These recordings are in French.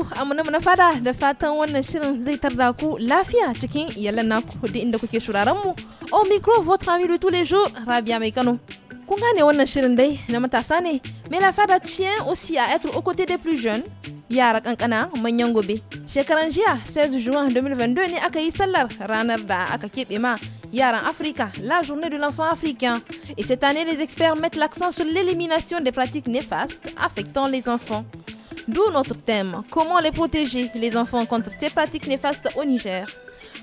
ku amana mana fada da fatan wannan shirin zai tarda ku lafiya cikin iyalan naku da kuke shuraren mu au micro votre ami de tous les jours rabia mai kano kun gane wannan shirin dai na matasa ne mais la fada tient aussi à être aux côtés des plus jeunes yara kankana manyan gobe shekaran jiya 16 juin 2022 ne aka yi sallar ranar da aka keɓe ma yaran Africa, la journée de l'enfant africain. Et cette année, les experts mettent l'accent sur l'élimination des pratiques néfastes affectant les enfants. D'où notre thème Comment les protéger, les enfants, contre ces pratiques néfastes au Niger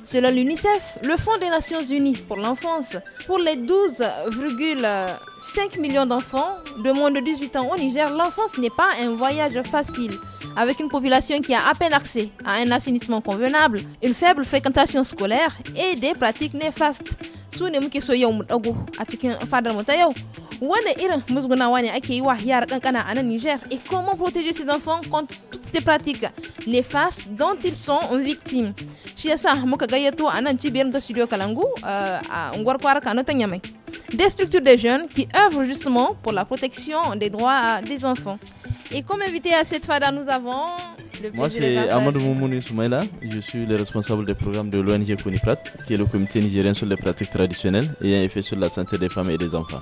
Selon l'UNICEF, le Fonds des Nations Unies pour l'enfance, pour les 12,5 millions d'enfants de moins de 18 ans au Niger, l'enfance n'est pas un voyage facile. Avec une population qui a à peine accès à un assainissement convenable, une faible fréquentation scolaire et des pratiques néfastes sune muke so yau mu dago a cikin fadar mu ta yau irin ne ake yi wa yara a nan Niger et comment protéger ses enfants contre toutes ces pratiques néfastes dont ils sont victimes shi yasa muka gayyato a nan studio Kalangu eh, a des structures de jeunes qui œuvrent justement pour la protection des droits des enfants. Et comme invité à cette fada, nous avons le Moi, c'est Amadou Moumouni Soumaïla. Je suis le responsable des programmes de l'ONG Koniprat, qui est le comité nigérien sur les pratiques traditionnelles et un effet sur la santé des femmes et des enfants.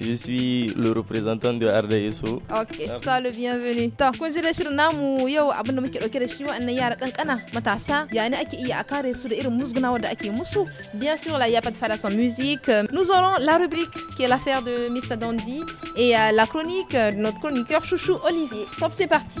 Je suis le représentant de RDSO. Ok, sois le bienvenu. To, kun ji da shirin namu yau abinda muke dauke da shi wa'annan yara kankana matasa ya ne ake iya a kare su da irin musgunawa da ake musu. Bien sûr, il a pas de faire sans musique. Nous aurons la rubrique qui est l'affaire de Mr. Dandy et euh, la chronique de notre chroniqueur chouchou Olivier. Top, c'est parti.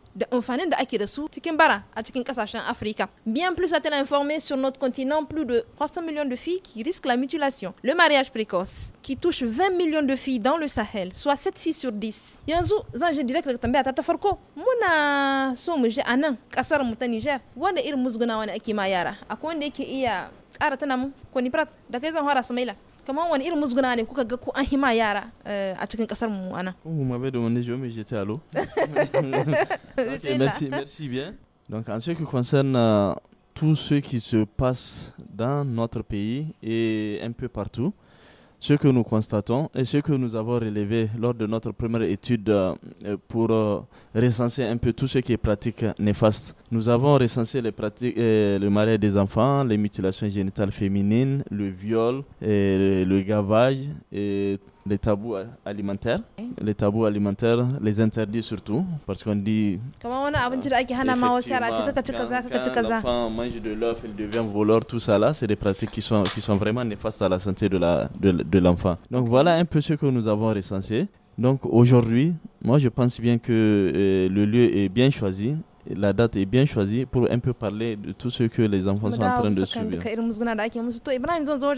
da amfanin da ake da su cikin bara a Afrique. Bien plus a-t-elle sur notre continent plus de 300 millions de filles qui risquent la mutilation. Le mariage précoce, qui touche 20 millions de filles dans le Sahel, soit 7 filles sur 10. Yanzu, zan je direct suis ta farko. Muna so mu je anan kasar mu ta Niger. Wanda irin musguna wani akimayara, ma se faire wanda yake iya ƙara tana mu ko ni prat da kai zan fara Sumaila comment on irin musguna ne kuka ga ko an hima yara eh, a cikin kasar mu ana vous m'avez demandé je me jeter à l'eau okay, merci merci bien donc en ce qui concerne euh, tout ce qui se passe dans notre pays et un peu partout ce que nous constatons et ce que nous avons relevé lors de notre première étude euh, pour euh, recenser un peu tout ce qui est pratique néfaste, nous avons recensé les pratiques, euh, le mariage des enfants, les mutilations génitales féminines, le viol, et le gavage et les tabous alimentaires, les tabous alimentaires, les interdits surtout, parce qu'on dit. Comment on a mange de l'œuf, il devient voleur, tout ça là, c'est des pratiques qui sont, qui sont vraiment néfastes à la santé de l'enfant. De, de l'enfant. Donc voilà un peu ce que nous avons recensé. Donc aujourd'hui, moi je pense bien que euh, le lieu est bien choisi la date est bien choisie pour un peu parler de tout ce que les enfants sont en train de subir. To Ibrahim zan zo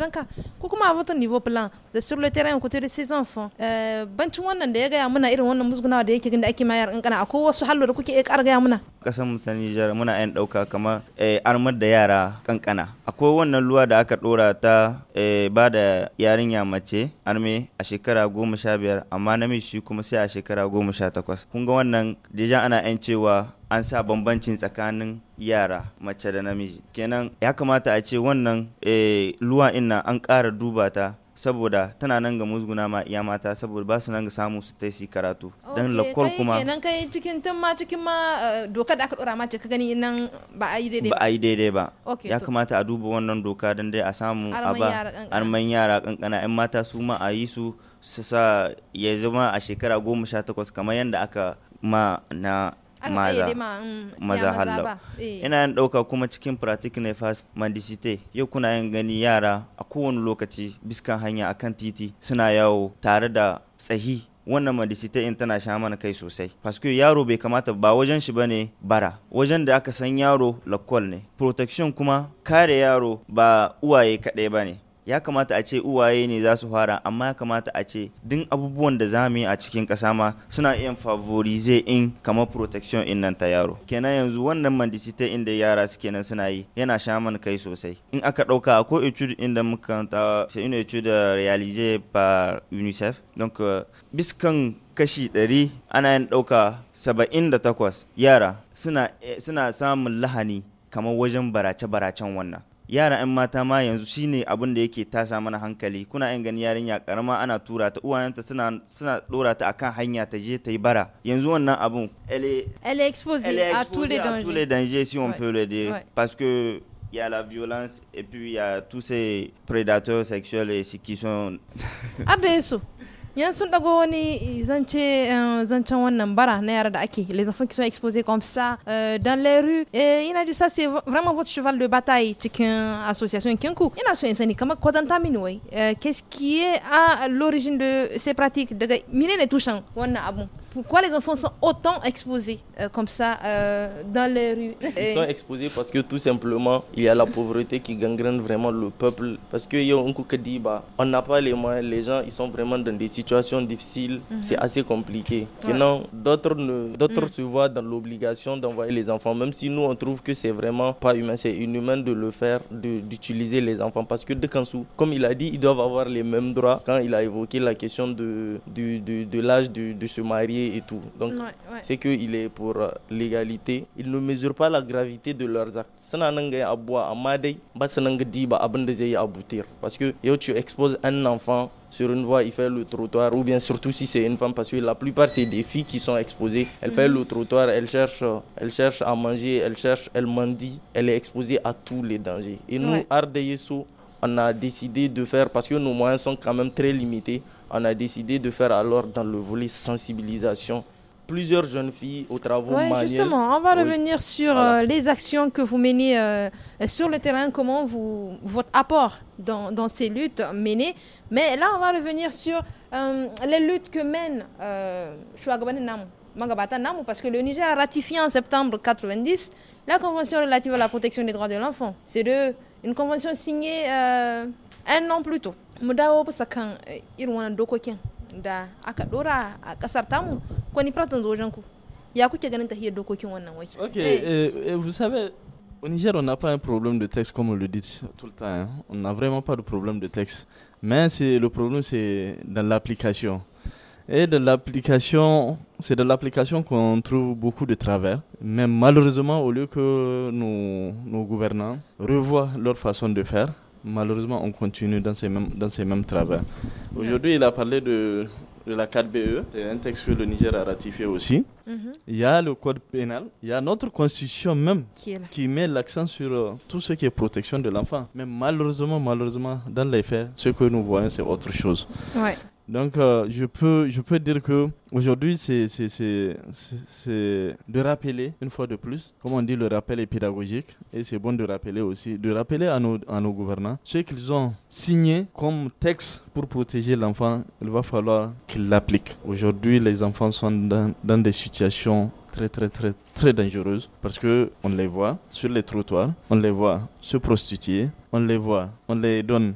ko kuma a votre niveau plan da sur le terrain côté de ces enfants. Euh, wannan da ya gaya muna irin wannan musgunawa da yake gani da ake mayar kankana akwai wasu da gaya muna. Kasan mutane jar muna yan dauka kamar eh, armar da yara kankana. Akwai wannan luwa da aka ɗora ta eh, ba da yarinya mace arme a shekara goma sha biyar amma namiji shi kuma sai a shekara goma sha takwas. Kun ga wannan deja ana yan cewa an sa bambancin tsakanin yara mace da namiji kenan ya kamata a ce wannan eh, luwa ina an ƙara duba ta saboda tana nan ga musguna ma iya mata saboda ba su nan ga samu su ta yi karatu dan lakwal kuma kenan kai cikin tun ma cikin ma eh, doka da aka dora ma ce ka gani nan ba a yi daidai ba a yi daidai ba ya kamata a duba wannan doka dan dai a samu a ba arman yara kankana yan mata su ma a yi su su sa ya zama a shekara goma sha takwas kamar yadda aka ma na Mm, maza maza hallau eh. ina yin ɗauka kuma cikin pratik na fast mandisite yau kuna yin gani yara a kowane lokaci biskan hanya akan titi suna yawo tare da tsahi wannan mandisite in tana sha mana kai sosai paske yaro bai kamata ba wajen shi bane bara wajen da aka san yaro lakwal ne protection kuma kare yaro ba uwaye kaɗai ne. ya kamata a ce uwaye ne za su fara amma ya kamata a ce duk abubuwan da za mu yi a cikin kasa ma suna iya favorize in kamar protection in nan ta yaro kenan yanzu wannan mandisite inda yara suke nan suna yi yana sha mana kai sosai in aka ɗauka ko etude inda muka ta se une étude réalisée par UNICEF donc euh, biskan kashi 100 ana yin ɗauka 78 yara eh, suna samun lahani kamar wajen barace-baracen wannan yara 'yan mata ma yanzu shine abin da yake tasa mana hankali kuna 'yan gani yarinya karama ana tura ta uwayenta suna suna dora ta akan hanya ta je ta yi bara yanzu wannan abun elle elle est exposée à tous les dangers tous les dangers si on peut le dire parce que il y a la violence et puis il y a tous ces prédateurs sexuels et qui sont Abdesso ah Yann sun dago zance eh, zancen wannan bara na yara da ake les enfants qui sont exposés comme ça euh, dans les rues et eh, il a dit ça c'est vraiment votre cheval de bataille cikin association kinku ina so in sani kamar kwatanta mini wai eh, qu'est-ce qui est à l'origine de ces pratiques daga menene tushen wannan abun pourquoi les enfants sont autant exposés euh, comme ça euh, dans les rues Ils sont exposés parce que tout simplement, il y a la pauvreté qui gangrène vraiment le peuple. Parce qu'il y a un que qui dit, bah, on n'a pas les moyens, les gens ils sont vraiment dans des situations difficiles, mhm. c'est assez compliqué. Sinon, d'autres d'autres mhm. se voient dans l'obligation d'envoyer les enfants, même si nous on trouve que c'est vraiment pas humain, c'est inhumain de le faire, d'utiliser les enfants. Parce que de Kansou, comme il a dit, ils doivent avoir les mêmes droits quand il a évoqué la question de, l'âge de se marier et tout. Donc, c'est que c'est qu'il est pour euh, l'égalité. Il ne mesure pas la gravité de leurs actes. Parce que tu exposes un enfant sur une voie, il fait le trottoir, ou bien surtout si c'est une femme, parce que la plupart c'est des filles qui sont exposées. Elle fait mhm. le trottoir, elle cherche, euh, elle cherche à manger, elle cherche, elle mendie, elle est exposée à tous les dangers. Et nous, ouais on a décidé de faire, parce que nos moyens sont quand même très limités, on a décidé de faire alors dans le volet sensibilisation plusieurs jeunes filles aux travaux ouais, Justement, on va revenir sur euh, les actions que vous menez euh, sur le terrain, comment vous, votre apport dans, ces luttes menées. Mais là, on va revenir sur euh, les luttes que mène Mangabata Nam, parce que le Niger a ratifié en septembre 90 la Convention relative à la protection des droits de l'enfant. C'est de une convention signée euh, un an plus tôt mu dawo bisa kan eh, irin wannan dokokin da aka dora a kasar tamu ko ni pratan zojen ku ya kuke ganin hiyar dokokin wannan waki ok eh. Eh, vous savez au Niger, on n'a pas un problème de texte comme on le dit tout le temps. Hein. On n'a vraiment pas de problème de texte. Mais c'est le problème, c'est dans l'application. Et de l'application, c'est de l'application qu'on trouve beaucoup de travers. Mais malheureusement, au lieu que nos, gouvernants revoient leur façon de faire, malheureusement, on continue dans ces mêmes, dans ces mêmes travers. Aujourd'hui, il a parlé de, de la 4BE, e, c'est un texte que le Niger a ratifié aussi. Mhm. Il y a le code pénal, il y a notre constitution même qui, met l'accent sur euh, tout ce qui est protection de l'enfant. Mais malheureusement, malheureusement, dans les faits, ce que nous voyons, c'est autre chose. Ouais. Donc, euh, je, peux, je peux dire que aujourd'hui, c'est de rappeler une fois de plus, comme on dit, le rappel est pédagogique, et c'est bon de rappeler aussi, de rappeler à nos, à nos gouvernants ce qu'ils ont signé comme texte pour protéger l'enfant. Il va falloir qu'ils l'appliquent. Aujourd'hui, les enfants sont dans, des situations très très très très dangereuses parce que on les voit sur les trottoirs, on les voit se prostituer, on les voit, on les donne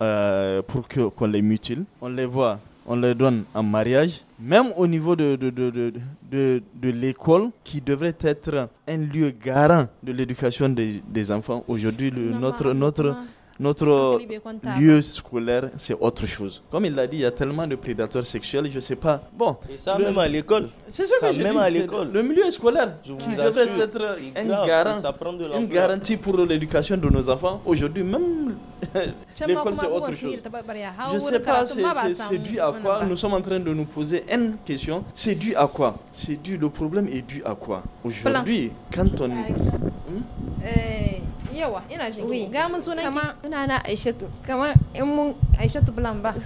euh, pour qu'on les mutile. On les voit, on les donne en mariage. Même au niveau de, de, l'école, qui devrait être un lieu garant de l'éducation des, des, enfants. Aujourd'hui, notre, notre, notre lieu scolaire, c'est autre chose. Comme il l'a dit, il y a tellement de prédateurs sexuels, je ne sais pas. Bon, Et ça, même à l'école. C'est ça, que même dis, à l'école. Le milieu scolaire qui devrait être une, garantie pour l'éducation de nos enfants. Aujourd'hui, même l'école, c'est autre chose. Je ne sais pas, c'est dû à quoi Nous sommes en train de nous poser une question. C'est dû à quoi C'est dû, le problème est dû à quoi Aujourd'hui, quand on yawa ina jin ga mun sunan ki na Aishatu kamar in mun Aishatu Blamba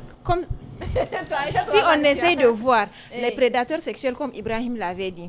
si on essaye de voir eh. les prédateurs sexuels, comme Ibrahim l'avait dit.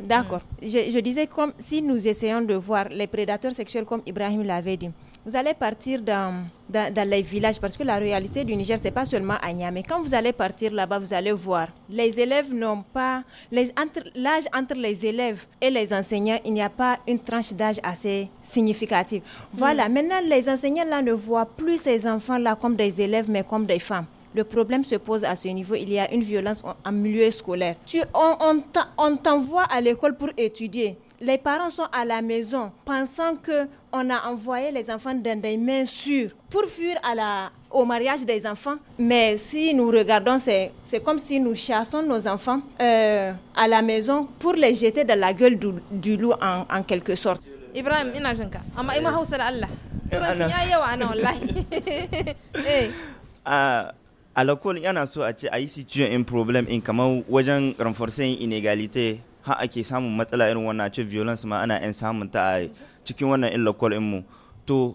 D'accord. Je, disais comme si nous essayons de voir les prédateurs sexuels, comme Ibrahim l'avait dit. Vous allez partir dans, dans, les villages parce que la réalité du Niger, c'est pas seulement à Niamey. Quand vous allez partir là-bas, vous allez voir. Les élèves n'ont pas. L'âge entre, les élèves et les enseignants, il n'y a pas une tranche d'âge assez significative. Voilà. Mm. Maintenant, les enseignants là ne voient plus ces enfants là comme des élèves, mais comme des femmes. Le problème se pose à ce niveau. Il y a une violence en milieu scolaire. on, t'envoie à l'école pour étudier. Les parents sont à la maison pensant qu'on a envoyé les enfants dans des mains sûres pour fuir à la, au mariage des enfants. Mais si nous regardons, c'est comme si nous chassons nos enfants euh, à la maison pour les jeter dans la gueule du, loup en, quelque sorte. Ibrahim, eh, Allah. Eh, alakol yana so a ce a yi situation in problem in kamar wajen reinforcing inegalite har ake samun matsala irin wannan ce violence ma ana yan samun ta a cikin wannan in lakol in mu to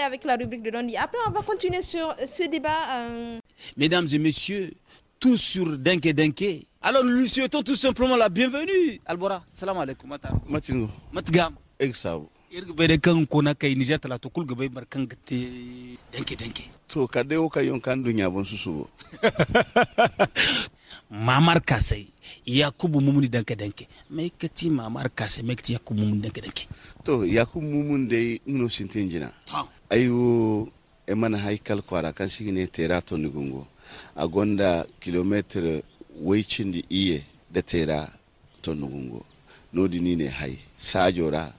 avec la rubrique de Dondi. Après, on va continuer sur ce débat. Euh. Mesdames et messieurs, tout sur Denke Denke. Alors, nous lui tout simplement la bienvenue. Albora, salam alaikum. Matino. Matgam. Exao. irgbe de kan kona kai nijar talato kul gabe bar kan gate denke denke to ka de o kayon kan dunya bon susu mamar kasai yakubu mumuni danke danke mai kati mamar kasai mai kati yakubu mumuni danke danke to yakubu mumuni dai uno jina ayiwo aiwo emana haikal kwara kan ne tera to nigungo gonda kilometer weicindi iye da tera to nigungo nodi nine hai sajora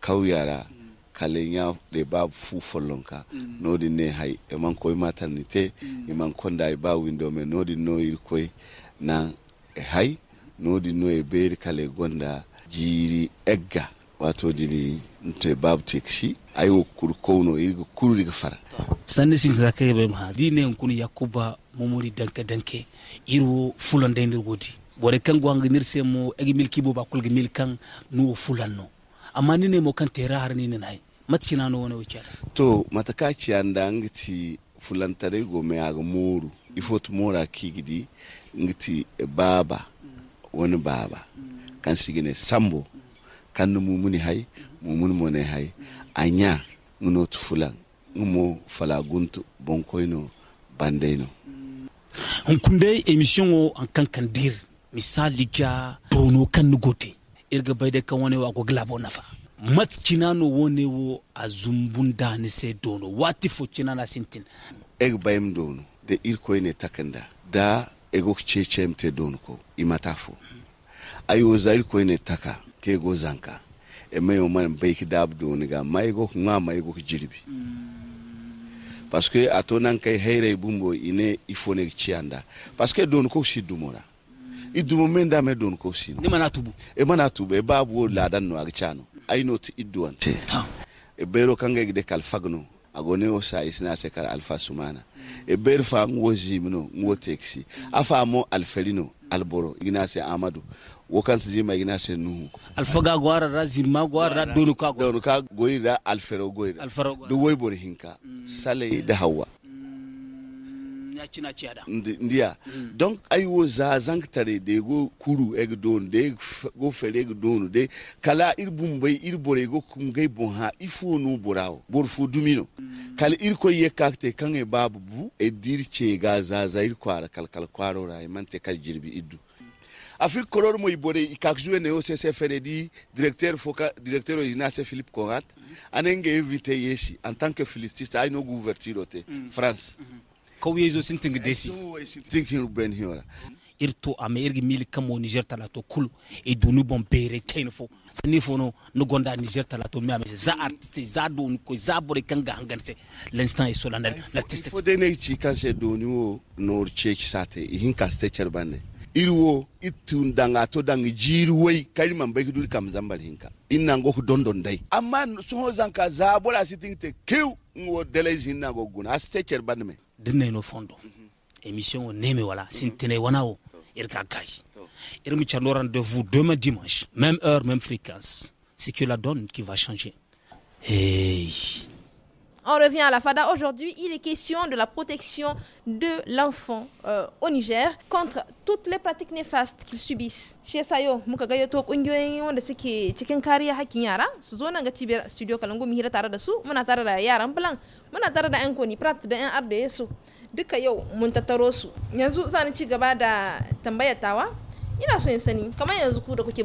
kawyara kalenya de ba fu folonka mm. nodi ne hai eman koy maternité mm. iman konda e ba window me nodi no koy na e hai nodi no e beri kale gonda jiri egga wato dini nte babtik shi ayuu kurkowno iyaga kuriga fara sanisinsakebe maha dine nkun yakuba momori danke danke iru fulan dendir godi bore kan gwangi nirse mo egi milki bo bakul gi milkan nu no amma ni ne mo kan tera har nine nai matcina no wona wicara to mataka ci anda ngiti fulantare go me aga moru ifot mora kigidi ngiti baba wani baba mm. kan sigine sambo kan mumuni hay mumuni mone hay anya ngono tufula ngumo fala guntu bonkoino bandeino hunkunde emission o an kan kan dir misali dono kan nugote irga bai da kan wani wa ko glabo nafa mat no wone wo a zumbun ne dono wati fo sintin eg bayim dono da irko takanda da ego cece mte dono ko imatafo ayo zair ko taka kego zanka eme omwana mbaikide abuduni ga maigo kuŋa maigo kijiribi parce que ato nan kai haira ibumbo ine ifone kianda parce que don ko si dumora i dumo men da me don ko si ne mana tubu e mana tubu e babu la dan no agchano ai no ti iduante e bero kanga gide kal fagno agone o sa isna se kal alfa sumana e ber fa ngo jimno ngo taxi afa mo alfelino alboro ignase amadu su jima ignase nuhu alfaga gwara ra zimma gwara ra donu ka donu goyi da alfero goyi da alfero goyi da hinka sale da hawa ndiya mm. donc ay wo za zangtare de go kuru eg don de go fere eg don de kala ir bumbay ir bore go kumgay bon ha ifo no borao bor fu dumino mm. kala ir ko ye kakte kange babu bu e dir che ga za ir kwara kal kal kwaro ra e mante kal jirbi iddu afrik kolor mo ibore ikak joué ne occ feredi directeur foka directeur original c'est philippe conrad mm. anenge invité yeshi en tant que flûtiste ay no ouverture te mm. france mm-hmm kawyezo sintin desi irto ama irgi mili kamo niger talato kulu e duni bon bere kain fo sani fo no gonda niger talato mi ame za artiste za doni ko za bore kanga hanganse l'instant est solennel l'artiste fo dene ci kanse doni wo nor cheki sate hin kaste cherbane irwo itun danga to dangi jirwai kai man bai dul kam zambal hinka inna go ku dondon dai amma so zanka za bora sitin te kiw wo delais hinna guna aste cherbane me dinaino fondo émission o neme wala sintene wona o ir nous gayi ir rendez-vous demain dimanche même heure même fréquence c'est que la donne qui va changer hey on revient à la FADA. Aujourd'hui, il est question de la protection de l'enfant euh, au Niger contre toutes les pratiques néfastes qu'ils subissent. Chez Sayo, muka ga yato kungiyoyin wanda suke cikin kariya hakkin yara su zo nan ga studio Kalangu mu hira tare da su muna tare da yaran Bulan muna tare da Prat de un Arda Yesu duka yau mun tattaro su. Yanzu za Insani, ci gaba da tambayar tawa. Ina so in sani yanzu ku da kuke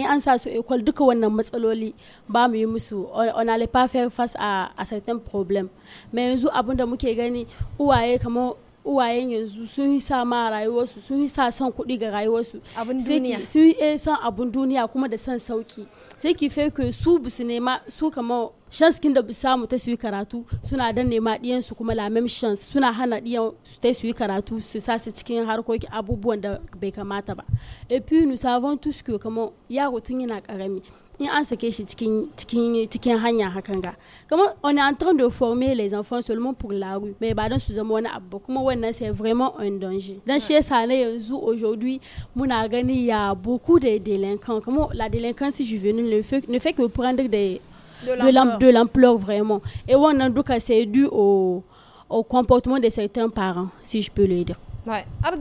in an sa su equal duka wannan matsaloli ba mu yi musu on a pas faire face à, à certains problèmes mai yanzu abin da muke gani uwaye kamar uwayen yanzu sun yi sa ma su sun yi sa san kuɗi ga rayuwar su rayuwarsu sun yi eh, san abun duniya kuma da san sauki sai ki fake su busu nema su kamar chance kin da samu ta suyi karatu suna dan nema diyan su kuma même chance, suna hana diyan su ta suyi karatu su sa su cikin harkoki abubuwan da bai kamata ba et puis nous savons tous que kamar yaro tun yana karami in an sake shi cikin cikin cikin hanya hakan ga kamar on est en train de former les enfants seulement pour la rue mais ba dan su zama wani abu kuma wannan c'est vraiment un danger dan shi yasa na yanzu aujourd'hui muna gani ya beaucoup de délinquants comme la délinquance juvénile ne fait, ne fait que prendre des de l'ampleur vraiment. Et Wananduka, c'est dû au, au comportement de certains parents, si je peux le dire. Ouais. Alors,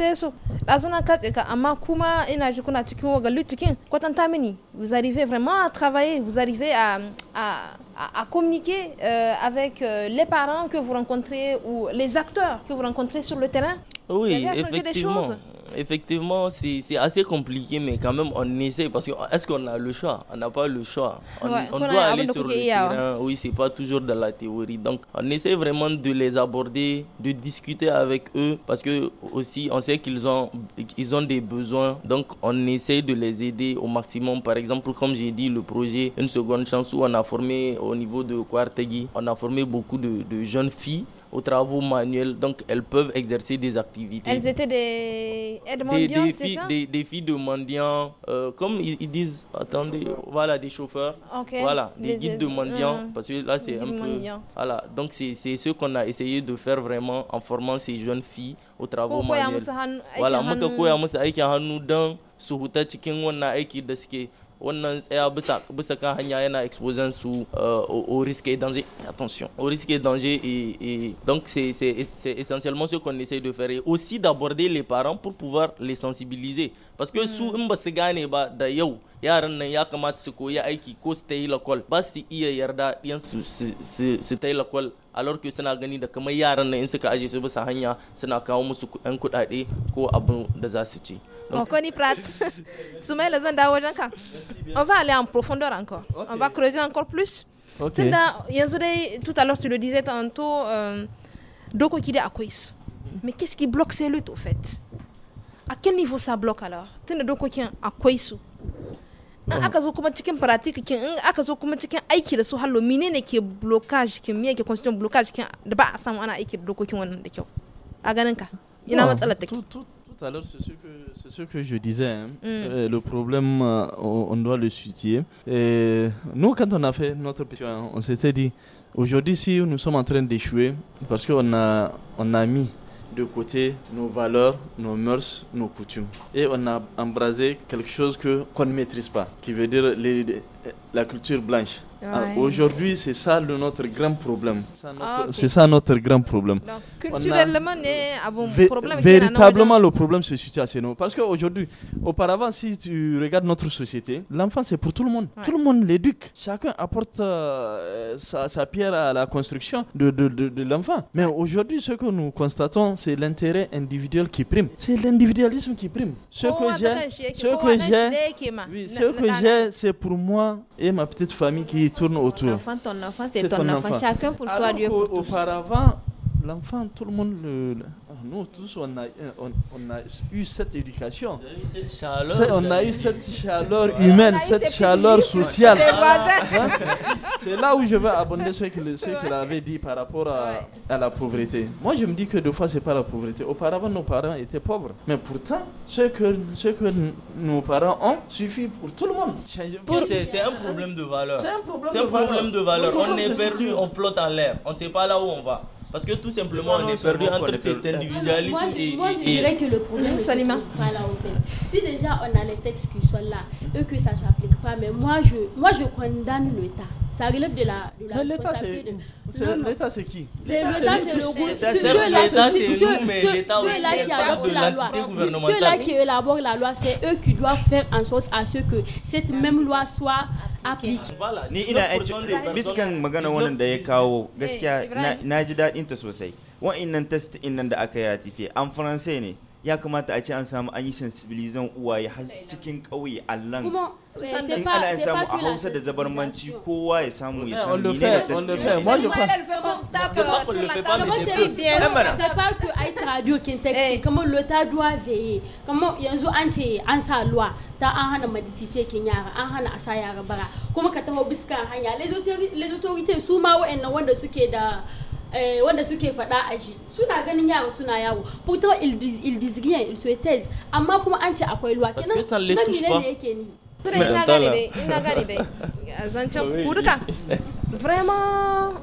la zone vous arrivez vraiment à travailler, vous arrivez à, à, à, communiquer euh, avec euh, les parents que vous rencontrez ou les acteurs que vous rencontrez sur le terrain. Oui, effectivement. Des choses effectivement, c'est assez compliqué, mais quand même, on essaie parce que est-ce qu'on a le choix On n'a pas le choix. On, doit aller sur le terrain. Oui, c'est pas toujours dans la théorie. Donc, on essaie vraiment de les aborder, de discuter avec eux parce que aussi, on sait qu'ils ont, ils ont des besoins. Donc, on essaie de les aider au maximum. Par exemple, comme j'ai dit, le projet Une seconde chance où on a formé au niveau de Kwartegui, on a formé beaucoup de, de jeunes filles aux travaux manuels. Donc, elles peuvent exercer des activités. Elles étaient des aides-mendiants, ça des, filles de mendiants, euh, comme ils, disent, attendez, voilà, des chauffeurs, voilà, des, guides de mendiants, euh, parce que là, c'est un peu... Voilà, donc c'est ce qu'on a essayé de faire vraiment en formant ces jeunes filles aux travaux manuels. Voilà, on tsaya bisa bisa kan hanya yana exposant eh, au risque et danger attention au risque et danger et, donc c'est essentiellement ce qu'on essaie de faire et aussi d'aborder les parents pour pouvoir les sensibiliser parce que su in ba su gane ba da yau yaran nan ya kamata su koyi aiki ko su ta yi lakol ba su iya yarda yansu su su ta yi lakol a suna gani da kamar yaran nan in suka aje su bisa hanya suna kawo musu yan kuɗaɗe ko abin da za su ci. Okoni Prat. Soumaïla zan dawo wajen ka. On va aller en profondeur encore. On va creuser encore plus. Okay. Tunda yanzu dai tout à l'heure tu le disais tantôt euh, doko kide akwai su. Mais qu'est-ce qui bloque ces luttes au fait? à quel niveau ça bloque alors tu ne tunda dokokin akwai su in aka zo kuma cikin pratikikin in aka zo kuma cikin aiki da su hallo menene ke blocage kin me yake constitution blocage kin da ba a samu ana aiki da dokokin wannan da kyau a ganin ka ina matsalar take tout à l'heure, c'est ce, ce que, je disais. Hein. Mm. Euh, le problème, euh, on doit le soutenir. Et nous, quand on a fait notre pétition, on s'était dit, aujourd'hui, si nous sommes en train d'échouer, parce qu'on a, on a mis de côté nos valeurs, nos mœurs, nos coutumes. Et on a embrasé quelque chose qu'on ne maîtrise pas, qui veut dire les, la culture blanche. Ah, aujourd'hui, ah, c'est ça notre grand problème. C'est ça notre grand problème. culturellement culturellement, a, un problème véritablement, le problème se situe à ces noms. Parce qu'aujourd'hui, auparavant, si tu regardes notre société, l'enfant, c'est pour tout le monde. Tout le monde l'éduque. Chacun apporte euh, sa, pierre à la construction de, de, de, l'enfant. Mais aujourd'hui, ce que nous constatons, c'est l'intérêt individuel qui prime. C'est l'individualisme qui prime. Ce oh, que j'ai, ce oh, que j'ai, ce que j'ai, c'est pour moi et ma petite famille qui tourne autour. Ton enfant, enfant, c'est ton, enfant. Chacun pour soi, Dieu pour Auparavant, l'enfant, tout le monde, nous tous, on a, eu cette éducation. on a eu cette chaleur humaine, cette chaleur sociale. Hein? C'est là où je veux abonder ce qu'il avait dit par rapport à, la pauvreté. Moi, je me dis que deux fois, c'est pas la pauvreté. Auparavant, nos parents étaient pauvres. Mais pourtant, ce que, nos parents ont suffit pour tout le monde. C'est un problème de valeur. C'est un problème, de, valeur. On est perdu, on flotte en l'air. On ne sait pas là où on va. Parce que tout simplement, on est perdu entre cet individualisme moi, je, et, Moi, je dirais que le problème, c'est voilà, en Si déjà on a les textes qui sont là, eux que ça ne s'applique pas, mais moi je, moi, je condamne l'État ça relève de la, de la responsabilité. L'État, c'est qui L'État, c'est le gouvernement. mais l'État aussi. Ceux-là qui adoptent la loi, ceux-là qui élaborent la loi, c'est eux qui doivent faire en sorte à ce que cette même loi soit appliquée. Ni ina eh, biskan magana wannan da ya kawo eh, gaskiya na ji daɗin ta sosai. Wa'innan test ɗin nan da aka yi en français. an ya kamata a ce an samu an yi sensibilizan uwaye har cikin ƙauye allan in eh, ana an samu a hausa da zabarmanci kowa ya samu ya samu ne da tasiri kamar lota duwa veye kamar yanzu an ce an sa luwa ta an hana madisite kin yara an hana asa yara bara kuma ka taho biskan hanya les autorités su ma wa'annan wanda suke da eh, wanda suke faɗa a ji suna ganin yara suna yawo pourtant il disent rien ils se amma kuma an ce akwai luwa kenan nan ne yake ni ina gane hein. dai ina gane dai kuduka vraiment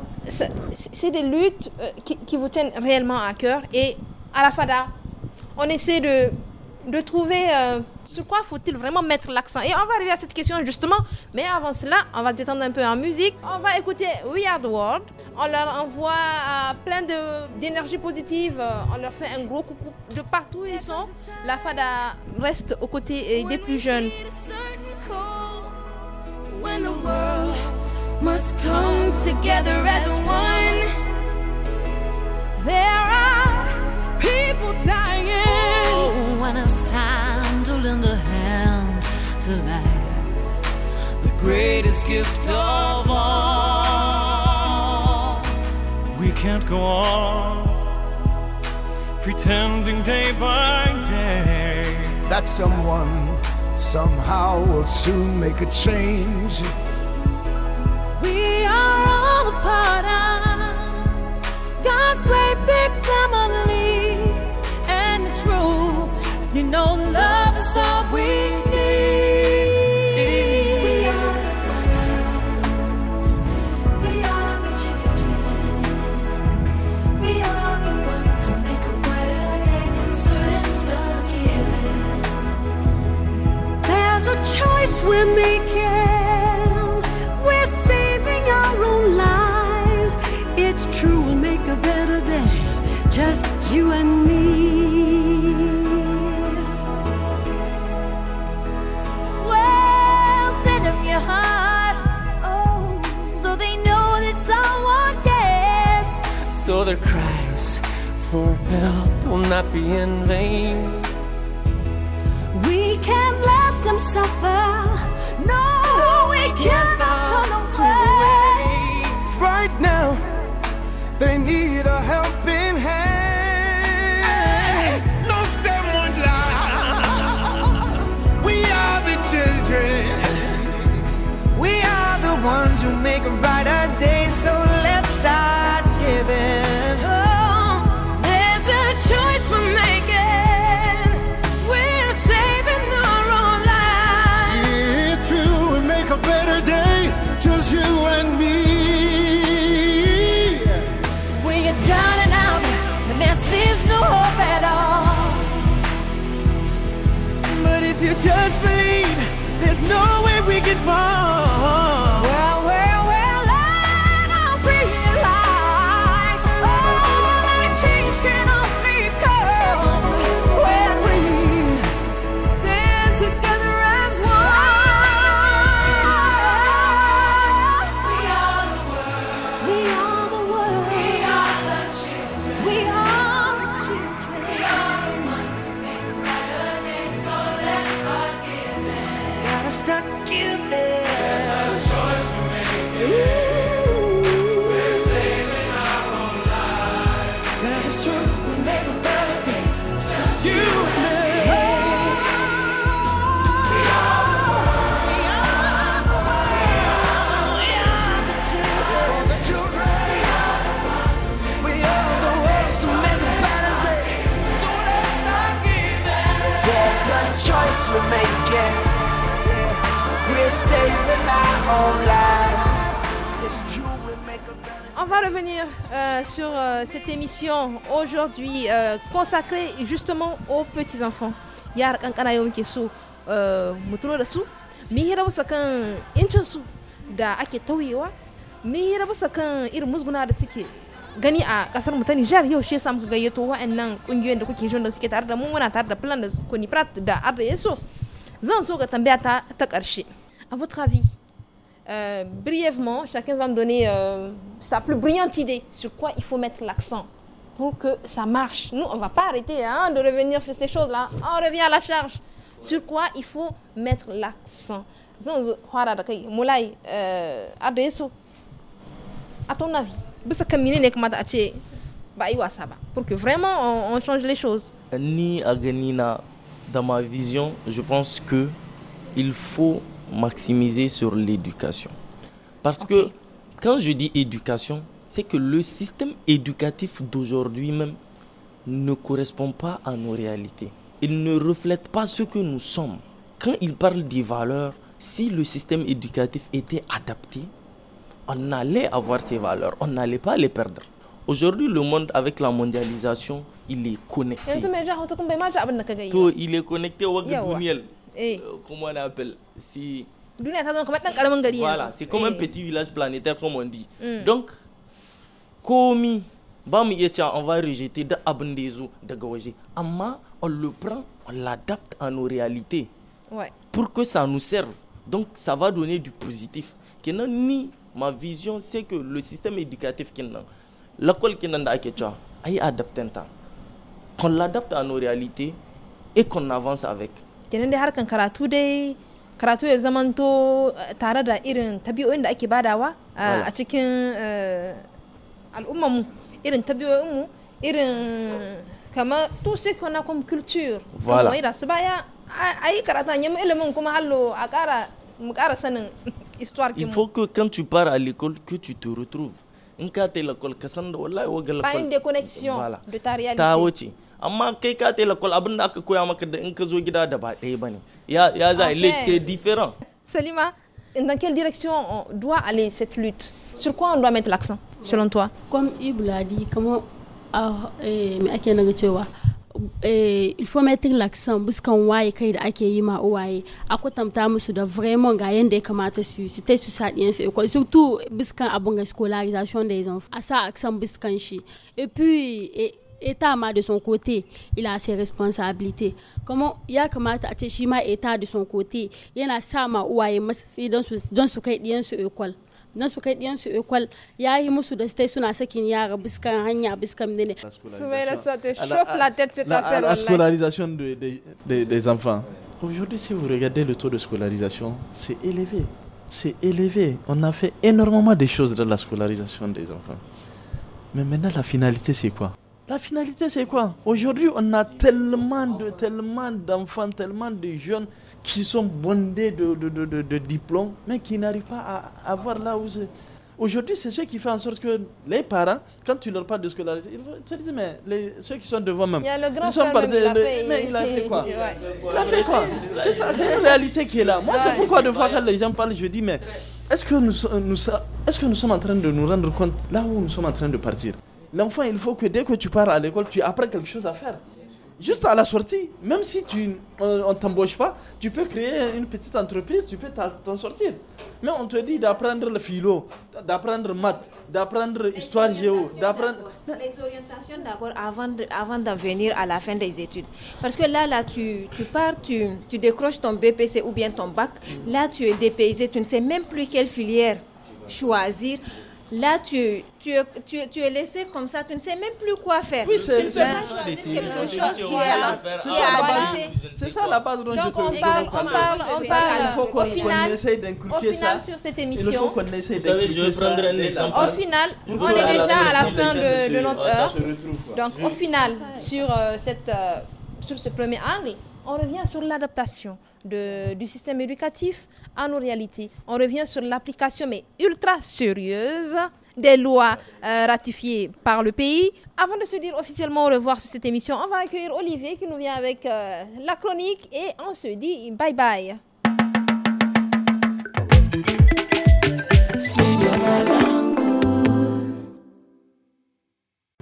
c'est des luttes euh, qui, qui vous tiennent réellement à cœur et à la fada on essaie de de trouver euh, sur quoi faut-il vraiment mettre l'accent Et on va arriver à cette question justement. Mais avant cela, on va détendre un peu en musique. On va écouter We Are the World. On leur envoie euh, plein d'énergie positive. Euh, on leur fait un gros coucou de partout où ils sont. La FADA reste aux côtés euh, des plus jeunes. There are people dying. Oh, when it's lend the hand to life, the greatest gift of all. We can't go on pretending day by day that someone somehow will soon make a change. We are all a part of God's great big family, and it's true, you know, love. so their cries for help will not be in vain. We can't let them suffer. No, we cannot turn away. Right now, they need a helping hand. émission aujourd'hui euh, consacrée justement aux petits enfants. Yar kankana yau muke so euh, mu da su, mu hira kan incin su da ake tauyewa, mu hira bisa kan irin musguna da suke gani a kasar mu ta Nijar yau shi yasa muka gayyato wa'annan kungiyoyin da kuke jin da suke tare da mu muna tare da plan da prat da Arda Yeso. Zan so ga tambaya ta ta karshe. A votre avis, Euh, brièvement, chacun va me donner euh, sa plus brillante idée sur quoi il faut mettre l'accent pour que ça marche. Nous, on ne va pas arrêter hein, de revenir sur ces choses-là. On revient à la charge. Sur quoi il faut mettre l'accent. Euh, à ton avis, pour que vraiment on, change les choses. Ni dans ma vision, je pense que il faut maximiser sur l'éducation. Parce que quand je dis éducation, c'est que le système éducatif d'aujourd'hui même ne correspond pas à nos réalités. Il ne reflète pas ce que nous sommes. Quand il parle des valeurs, si le système éducatif était adapté, on allait avoir ces valeurs, on n'allait pas les perdre. Aujourd'hui, le monde avec la mondialisation, il est connecté. Il est connecté au eh. euh, Comment on appelle Voilà, c'est comme un eh. petit village planétaire, comme on dit. Hmm. Donc, komi ba mu iya cewa on va rejeter duk abin da ya zo daga waje amma on le prend on l'adapte à nos réalités ouais. pour que ça nous serve donc ça va donner du positif kenan ni ma vision c'est que le système éducatif kenan l'école kenan da ake cewa ayi adaptant ta qu'on l'adapte à nos réalités et qu'on avance avec kenan dai harkan karatu dai karatu ya zamanto eh, tare da irin tabi'o'in da ake badawa eh, a cikin eh, al'ummar mu irin tabiyoyin mu irin kamar tout ce qu'on a comme culture voilà mai da su baya karata yi karatu kuma hallo a kara mu kara sanin histoire il faut que quand tu pars à l'école que tu te retrouves in ka ta l'école ka wallahi wa galfa pas une déconnexion voilà. de ta réalité ta wuce amma kai ka te l'école abin aka koya maka da in ka zo gida da ba dai bane ya ya za okay. c'est différent Salima dans quelle direction on doit aller cette lutte sur quoi on doit mettre l'accent selon toi Comme Yves l'a dit, comment il faut mettre l'accent buskan waye kai da ake yi ma uwaye quoi kwatanta musu da vraiment ga yanda commentaires sur su su tai su ko surtout buskan abun ga scolarisation des enfants a sa accent buskan shi et puis et, État ma de son côté, il a ses responsabilités. Comment il y a comment à État de son côté, il y en a ça ma ouaye dans ce dans ce cas a ce école. La scolarisation des enfants. Aujourd'hui, si vous regardez le taux de scolarisation, c'est élevé. C'est élevé. On a fait énormément de choses dans la scolarisation des enfants. Mais maintenant, la finalité, c'est quoi la finalité, c'est quoi Aujourd'hui, on a tellement de tellement d'enfants, tellement de jeunes qui sont bondés de, de, de, diplômes, mais qui n'arrivent pas à avoir là où Aujourd'hui, c'est ce qui fait en sorte que les parents, quand tu leur parles de scolarité, ils se disent, mais ceux qui sont devant même, ils sont mais il a fait quoi Il a fait quoi C'est ça, c'est une réalité qui est là. Moi, c'est pourquoi de fois, quand les gens parlent, je dis, mais est que nous, nous, est-ce que nous sommes en train de nous rendre compte là où nous sommes en train de partir L'enfant, il faut que dès que tu pars à l'école, tu apprennes quelque chose à faire. Juste à la sortie, même si tu, euh, on ne t'embauche pas, tu peux créer une petite entreprise, tu peux t'en sortir. Mais on te dit d'apprendre le philo, d'apprendre maths, d'apprendre histoire géo, d'apprendre... Les orientations d'abord avant, d'en venir à la fin des études. Parce que là, là tu, pars, tu, tu décroches ton BPC ou bien ton bac, là tu es dépaysé, tu ne sais même plus quelle filière choisir. Là, tu, tu, tu, tu, es laissé comme ça, tu ne sais même plus quoi faire. Oui, c'est ça. C'est ça la base dont Donc, je on parle, on parle, on parle. Il faut qu'on essaye d'inclure ça. Au final, sur cette émission, il faut qu'on essaye d'inculquer ça. Au final, on est déjà à la fin de notre heure. Donc, au final, sur euh, cette euh, sur ce premier angle, on revient sur l'adaptation du système éducatif à nos réalités. On revient sur l'application, mais ultra sérieuse, des lois euh, ratifiées par le pays. Avant de se dire officiellement au revoir sur cette émission, on va accueillir Olivier qui nous vient avec euh, la chronique et on se dit bye bye.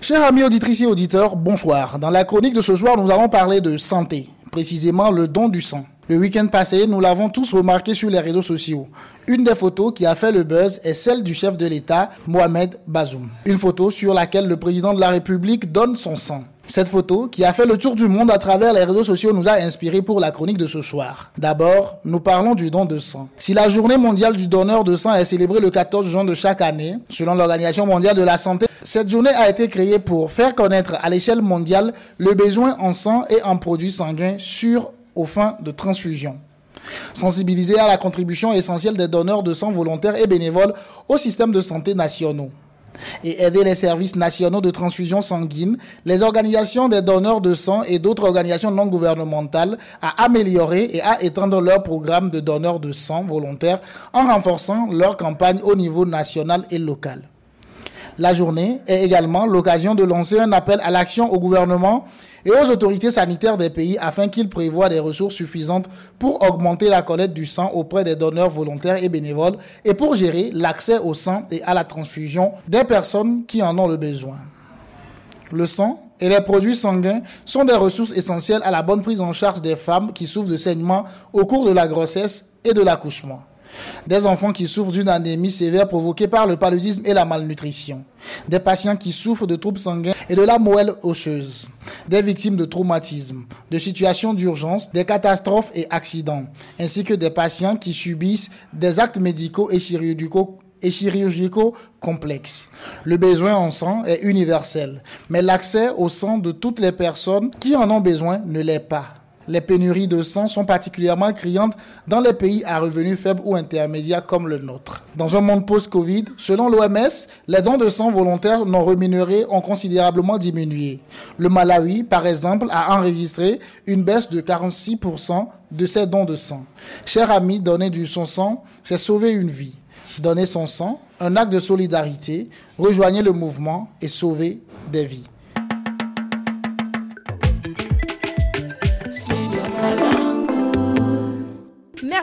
Chers amis auditrices et auditeurs, bonsoir. Dans la chronique de ce soir, nous allons parler de santé précisément le don du sang. Le week-end passé, nous l'avons tous remarqué sur les réseaux sociaux. Une des photos qui a fait le buzz est celle du chef de l'État, Mohamed Bazoum. Une photo sur laquelle le président de la République donne son sang. Cette photo, qui a fait le tour du monde à travers les réseaux sociaux, nous a inspiré pour la chronique de ce soir. D'abord, nous parlons du don de sang. Si la journée mondiale du donneur de sang est célébrée le 14 juin de chaque année, selon l'Organisation mondiale de la santé, cette journée a été créée pour faire connaître à l'échelle mondiale le besoin en sang et en produits sanguins sûrs aux fins de transfusion. Sensibiliser à la contribution essentielle des donneurs de sang volontaires et bénévoles au système de santé nationaux et aider les services nationaux de transfusion sanguine, les organisations des donneurs de sang et d'autres organisations non gouvernementales à améliorer et à étendre leur programme de donneurs de sang volontaires en renforçant leur campagne au niveau national et local. La journée est également l'occasion de lancer un appel à l'action au gouvernement et aux autorités sanitaires des pays afin qu'ils prévoient des ressources suffisantes pour augmenter la collecte du sang auprès des donneurs volontaires et bénévoles et pour gérer l'accès au sang et à la transfusion des personnes qui en ont le besoin. Le sang et les produits sanguins sont des ressources essentielles à la bonne prise en charge des femmes qui souffrent de saignements au cours de la grossesse et de l'accouchement des enfants qui souffrent d'une anémie sévère provoquée par le paludisme et la malnutrition, des patients qui souffrent de troubles sanguins et de la moelle osseuse, des victimes de traumatismes, de situations d'urgence, des catastrophes et accidents, ainsi que des patients qui subissent des actes médicaux et chirurgicaux et complexes. Le besoin en sang est universel, mais l'accès au sang de toutes les personnes qui en ont besoin ne l'est pas. Les pénuries de sang sont particulièrement criantes dans les pays à revenus faibles ou intermédiaires comme le nôtre. Dans un monde post-Covid, selon l'OMS, les dons de sang volontaires non rémunérés ont considérablement diminué. Le Malawi, par exemple, a enregistré une baisse de 46% de ses dons de sang. Cher ami, donner du son sang, c'est sauver une vie. Donner son sang, un acte de solidarité, rejoignez le mouvement et sauvez des vies.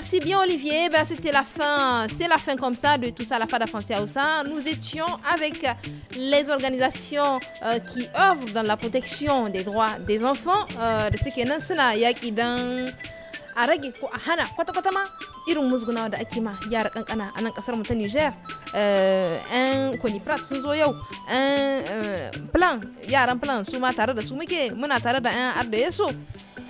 Merci bien Olivier. Eh ben, C'était la fin, c'est la fin comme ça de tout ça, la France Française Aoussa. Nous étions avec les organisations euh, qui œuvrent dans la protection des droits des enfants. Euh, de ce qui est yaƙi don a rage ko a hana kwata-kwata ma irin musgunawa da ake ma yara kankana a nan kasar mu ta Niger. Yan euh, Koniprat sun zo yau, yan euh, plan, yaran plan su ma tare da su muke muna tare da yan Arda Yeso.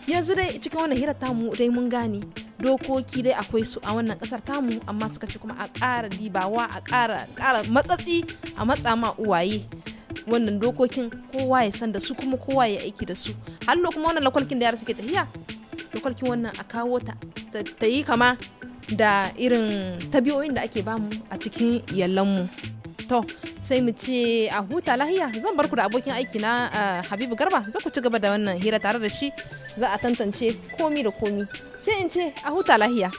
yanzu dai cikin wannan hira tamu dai mun gane dokoki dai akwai su a wannan kasar tamu amma suka ce kuma a ƙara dibawa a ƙara matsatsi a matsa ma uwaye wannan dokokin kowa ya san da su kuma kowa ya aiki da su hallo kuma wannan lakwalkin da yara suke tahiya lakwalkin wannan a kawo ta yi kama da irin tabiyoyin da ake bamu a cikin yallanmu. mu to sai mu ce a huta lahiya zan bar ku da abokin aiki na habibu garba za ku ci gaba da wannan hira tare da shi za a tantance komi da komi sai in ce a huta lahiya.